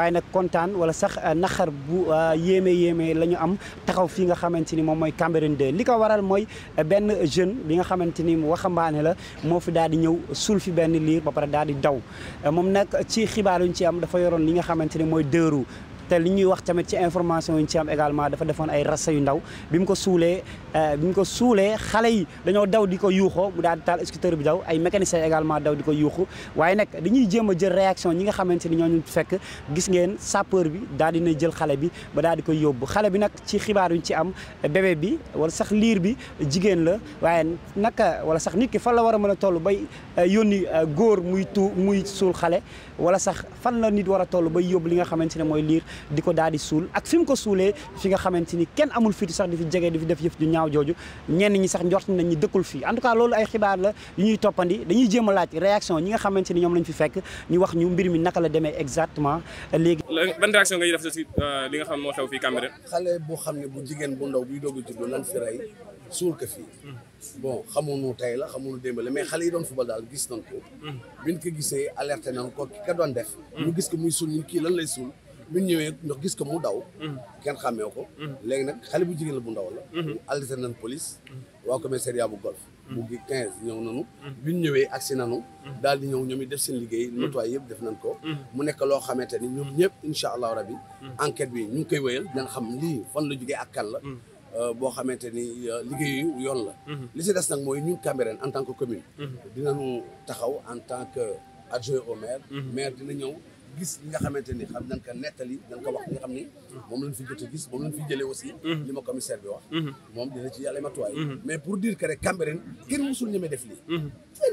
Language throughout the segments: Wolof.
waaye nag kontaan wala sax euh, naxar bu euh, yéeme yéeme la ñu am taxaw fii nga xamante ni moom mooy Cambérène 2 li ko waral mooy euh, benn jeune bi nga xamante ni waxambaane la moo fi daal di ñëw suul fi benn liir ba pare daal di daw moom nag ci xibaar yu ci am dafa yoroon li nga xamante ni mooy deux te li ñuy wax tamit ci information yi ñu ci am également dafa defoon ay rasta yu ndaw bi mu ko suulee euh, bi mu ko suulee xale yi dañoo daw di ko yuuxoo mu daal di taal scooter bi daw ay mécanicien également daw di ko yuuxu waaye nag dañuy jéem a jël réaction ñi nga xamante ni ñooñu fekk gis ngeen sapeur bi daal dina jël xale bi ba daal di koy yóbbu xale bi nag ci xibaar ñu ci am bébé bi wala sax liir bi jigéen la waaye naka wala sax nit ki fan la war a mën a toll bay euh, yónni euh, góor muy tu muy suul xale wala sax fan la nit war a toll bay yóbbu li nga xamante ne mooy liir di ko daal di suul ak fi mu ko suulee fi nga xamante ni kenn amul fitu sax di fi jege di fi def yëf ju ñaaw jooju ñenn ñi sax njort nañ ñi dëkkul fii en tout cas loolu ay xibaar la yu ñuy toppandi dañuy jéem a laaj réaction ñi nga xamante ni ñoom lañu fi fekk ñu wax ñu mbir mi naka la demee exactement léegi ban réaction ngay def ci euh, li nga xam moo xew fii Cambérène xale boo xam ne bu jigéen bu ndaw buy doog a judd lan fi rey suul ko fii hmm. bon xamuñu tey la xamuñu démb la mais xale yi doon football daal gis nañ ko hmm. biñ ko gisee alerté nañ ko ki ka hmm. gis muy suul ñu kii lan lay suul bi ñu ñëwee ñu gis ko mu daw. Mm-hmm. kenn xàmmee ko. Mm-hmm. léegi nag xale bu jigéen la bu ndaw la. Mm-hmm. a nañ police. waa commissariat bu golf bu gi quinze ñëw nanu bi ñu ñëwee agsi nanu daal di ñëw ñoom it def seen liggéey nettoyé yëpp def nañ ko mu nekk loo xamante ni ñoom ñëpp incha allahu rabi enquête bi ñu ngi koy wéyal danga xam lii fan la jógee ak kan la euh, boo xamante ni euh, liggéeyu yoon la li si des nag mooy ñu Cambérène en tant que commune dinañu taxaw en tant que adjoint au maire maire dina gis li nga xamante xam nañ ko nettali dañ ko wax nga xam ni moom lañ fi jot a aussi mhm. li ma commissaire bi wax mhm. moom dina ci yàlla matuwaay mhm. mais pour dire que rek kenn musul ñemee def lii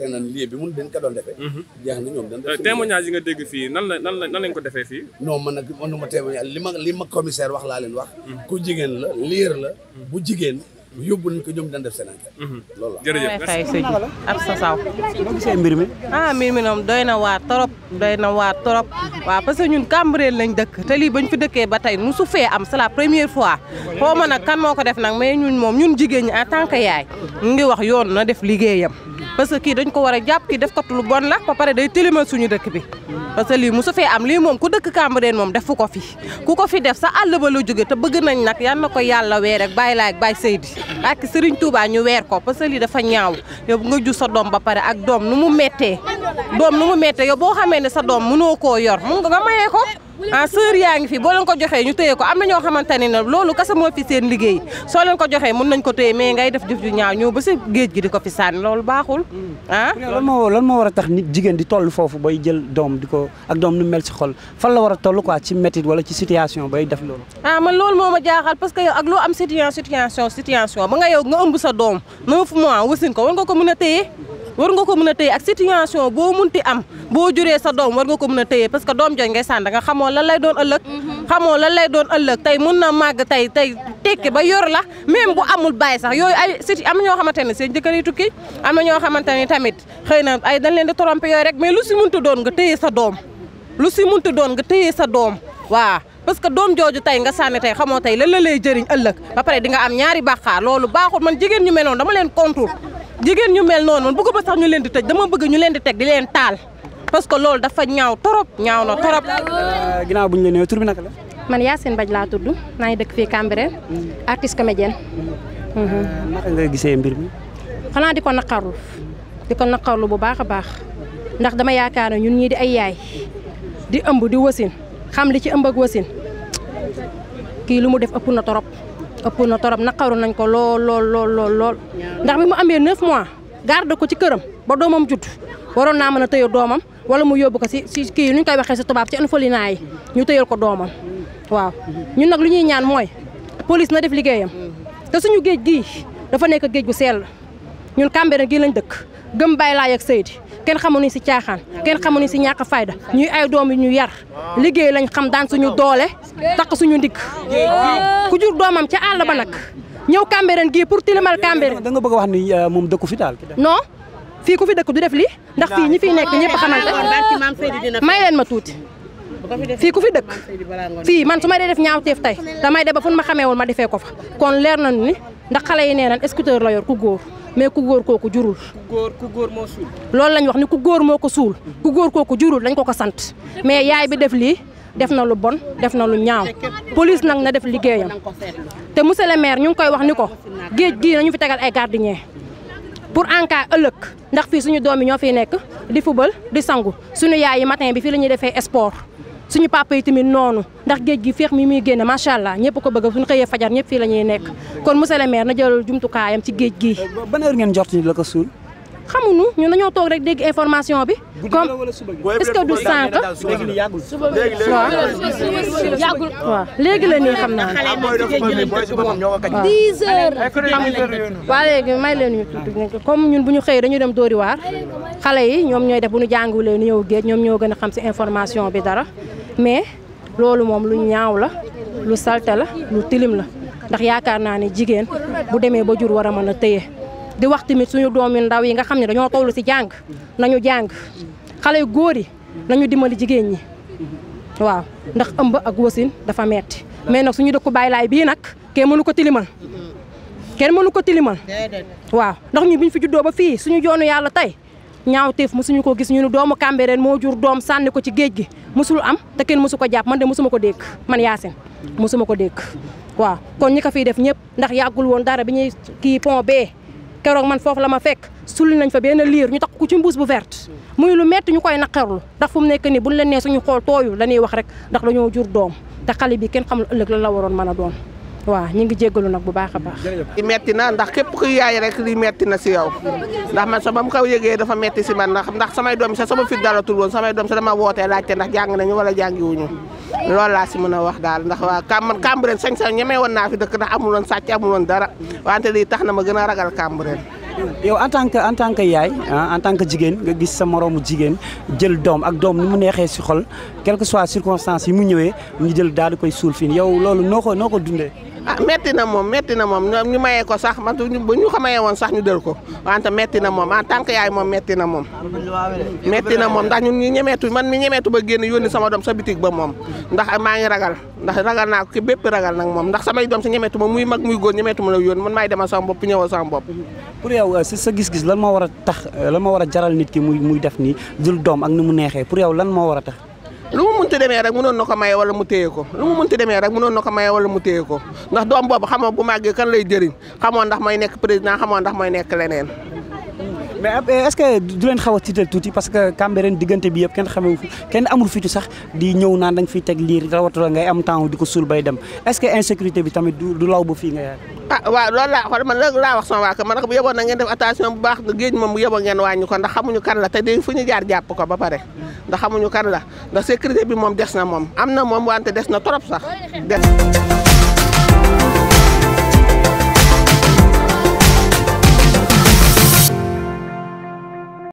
yaakaar naa ne lieu bi mun dañ ko doon defee mhm. jeex na ñoom dañ euh, témoignage yi nga dégg fii nan nan la nan lañ ko defee fii non man nag man ma témoignage li ma li ma commissaire wax laa leen wax mhm. ku jigéen la liir la mhm. bu jigéen yóbbu nañ ko ñoom daan def seen enquête. Mhm. sa saw. mbir mi. ah mi moom doy na waar trop doy na waar trop waaw parce que ñun Cambérène lañ dëkk te lii bañ fi dëkkee ba tey musu fee am c'est la première fois xaw ma nag kan moo ko def nag mais ñun moom ñun jigéen ñi en tant que yaay ñu ngi wax yoon na def liggéeyam. parce que kii dañ ko war a jàpp kii def ko lu bon la ba pare day tilimal suñu dëkk bi parce que lii mosu fee am lii moom ku dëkk Cambérène moom def ko fi ku ko fi def sa àll ba la jóge te bëgg nañ nag yal na ko yàlla weer bàyyi laa ak bàyyi Seydi ak Serigne Touba ñu weer ko parce que lii dafa ñaaw yow nga ju sa doom ba pare ak doom nu mu méttee doom nu mu méttee yow boo xamee ne sa doom munoo koo yor mun nga mayee ko. ah sœur yaa ngi fi boo leen ko joxee ñu téye ko am na ñoo xamante ne loolu kese moo fi seen liggéey soo leen ko joxee mun nañ ko téye mais ngay def jëf ju ñaaw ñëw ba si géej gi di ko fi sànni loolu baaxul ah moo lan moo war a tax nit jigéen di toll foofu bay jël doom di ko ak doom nu mel si xol fan la war a toll quoi ci métit wala ci situation bay def loolu ah man loolu moo ma jaaxal parce que yow ak loo am situation situation situation ba nga yow nga ëmb sa doom neuf mois wasin ko war nga ko mën a téye war nga ko mun a téye ak situation boo mun ti am boo juree sa doom war nga ko mun a téye parce que doom jooju ngay sànni nga xamoo lan lay doon ëllëg. Mhm. xamoo lan lay doon ëllëg tey mun na màgg tey tey tekki ba yor la même bu amul bàyyi sax yooyu ay sit am na ñoo xamante ne seen jëkkër yi tukki am na ñoo xamante ne tamit xëy na ay dañ leen di tromper yooyu rek mais lu si munti doon nga téye sa doom lu si munti doon nga téye sa doom waa parce que doom jooju tey nga sànni tey xamoo tey lan la lay jëriñ ëllëg ba pare di nga am ñaari bàkkaar loolu baaxul man jigéen ñu mel dama leen contour jigéen ñu mel noonu man bëgguma sax ñu leen di tëj dama bëgg ñu leen di teg di leen taal parce que loolu dafa ñaaw torop ñaaw na torop. Euh, ginnaaw bu ñu la nuyoo tur bi naka la. man Yacine Badji laa tudd maa ngi dëkk fii Cambérène mm. artiste comédienne. Euh, mm-hmm. naka nga gisee mbir mi. xanaa di ko naqarlu di ko naqarlu bu baax a baax ndax dama yaakaar ne ñun ñii di ay yaay di ëmb di wasin xam li ci ëmb ak wasin kii lu mu def ëpp na torop. ëpp na torop naqaru nañ ko lool lool lool ndax mi mu amee 9 mois garde ko ci këram ba doomam judd waroon naa mën a tëye doomam wala mu yóbbu ko si si kii nu ñu koy waxee si tubaab ci orphelinat yi ñu tëyal ko doomam waaw ñun nag lu ñuy ñaan mooy police na def liggéeyam te suñu géej gii dafa nekk géej gu seel la ñun Cambérène gii lañ dëkk gëm bàyyi laay ak Seydi kenn xamuñu si caaxaan kenn xamuñu si ñàkk fayda ñuy ay doom yu ñu yar liggéey lañ xam daan suñu doolee takk suñu ndigg ku jur doomam ci àll ba nag ñëw Cambérène gii pour tilimal Cambérène. da nga bëgg a wax ni euh, moom dëkku fi daal. non fii ku fi dëkk du def lii ndax fii ñi fiy nekk ñëpp xamante may leen ma tuuti. fii ku fi dëkk fii man su ma dee def ñaawteef tey damay de ba fu ma xamee woon ma defee ko fa kon leer nañu ni ndax xale yi nee nañ scooter la yor ku góor. mais ku góor kooku jurul. ku góor ku góor moo suul. loolu lañ wax ni ku góor moo ko suul. ku góor kooku jurul dañ ko ko sant mais yaay bi def lii def na lu bon def na lu ñaaw police nag na def liggéeyam te monsieur le maire ñu ngi koy wax ni ko géej gii nañu fi tegal ay gardien pour en ëllëg ndax fii suñu doom yi ñoo fiy nekk di fubal di sangu suñu yaay yi matin bi fii la ñuy defee sport. suñu papa yi tamit noonu ndax géej gi féex mi muy génne macha allah ñëpp ko bëgg suñu xëyee fajar ñëpp fii la nekk kon monsieur le maire na jël jumtukaayam ci géej gi. ban heure ngeen jot ni la ko suul. xamuñu ñun nañoo toog rek dégg information bi. comme est-ce que du sànq. yàggul léegi la nii xam naa. waaw 10 léegi may leen ñu comme ñun bu ñu xëyee dañu dem Dóori waar xale yi ñoom ñooy def bu ñu jàngulee ñëw géej ñoom ñoo gën a xam si information bi dara mais loolu moom lu ñaaw la lu salte la lu tilim la ndax yaakaar naa ni jigéen bu demee ba jur war a mën a tëye. di wax tamit suñu doom yu ndaw yi nga xam ne dañoo toll ci jàng nañu jàng xale yu góor yi nañu dimbali jigéen ñi waaw ndax ëmb ak wasin dafa metti mais nag suñu dëkku Baay Laay bii nag kenn mënu ko tilimal kenn mënu ko tilimal waaw ndax ñu biñ fi juddoo ba fii suñu joonu yàlla tey ñaaw teef mosuñu ko gis ñu ne doomu Cambérène moo jur doom sànni ko ci géej gi mosul am te kenn mosu ko jàpp man de mosuma ko dégg man Yacine mosuma ko dégg waaw kon ñi ko fiy def ñëpp ndax yàggul woon dara bi ñuy kii pon bee keroog man foofu la ma fekk sulli nañ fa benn liir ñu tax ku ci mbuus bu verte muy lu metti ñu koy naqarlu ndax fu mu nekk nii buñ leen suñu xool tooyu la ñuy wax rek ndax dañoo jur doom te xale bi kenn xamul ëllëg lan la waroon mën a doon waaw ñu ngi jéggalu nag bu baax a baax i metti na ndax képp ku yaay rek li metti na si yow ndax man sa ba mu kaw yëgee dafa metti si man ndax ndax samay doom sa sama fit dalatul woon samay doom sa dama wootee laajte ndax jàng nañu wala jàngiwuñu loolu laa si mën a wax daal ndax waa kam man Cambérène sañ sañ ñemee woon naa sàcc amul woon dara wante lii tax na ma gën a ragal Cambérène yow en tant que en tant que yaay ah, en tant que jigéen nga gis sa moroomu jigéen jël doom ak doom ni mu neexee si xol quelles que soient circonstances yi mu ñëwee ñu jël daal di koy suul fii yow loolu noo ko noo ko dundee ah metti na moom metti na moom ñu mayee ko sax man bu ñu ko woon sax ñu dël ko wante metti na moom en tant que yaay moom metti na moom metti na moom ndax ñun ñu ñemeetu man mi ñemeetu ba génn yónni sama doom sa bitig ba moom ndax maa ngi ragal ndax ragal naa bépp ragal nag moom ndax samay doom si ñemeetu ma muy mag muy góor ñemeetu ma la yónni man maay demal sama bopp ñëwal sama bopp pour yow euh, sa gis-gis lan moo war a tax euh, lan ma war a jaral nit ki muy muy def nii dul doom ak ni mu neexee pour yow lan moo war a tax lu mu munti demee rek mënoon na ko maye wala mu téye ko lu mu munti demee rek mënoon na ko maye wala mu téye ko ndax doom boobu xamoo bu màggee kan lay jëriñ xamoo ndax mooy nekk président xamoo ndax mooy nekk leneen mais est-ce que du leen xaw a tiital tuuti parce que Cambérène diggante bi yëpp kenn xamewu fi kenn amul fitu sax di ñëw naan nga fiy teg liir rawatina ngay am temps di ko suul bay dem est-ce que insécurité bi tamit du law ba fii nga yaay. ah waaw loolu laa xool man loolu laa wax sama waa kër man nag bu yeboon na ngeen def attention bu baax géej moom bu yeboon ngeen wàññi ko ndax xamuñu kan la te dégg fu ñu jaar jàpp ko ba pare ndax xamuñu kan la ndax sécurité bi moom des na moom am na moom wante des na trop sax des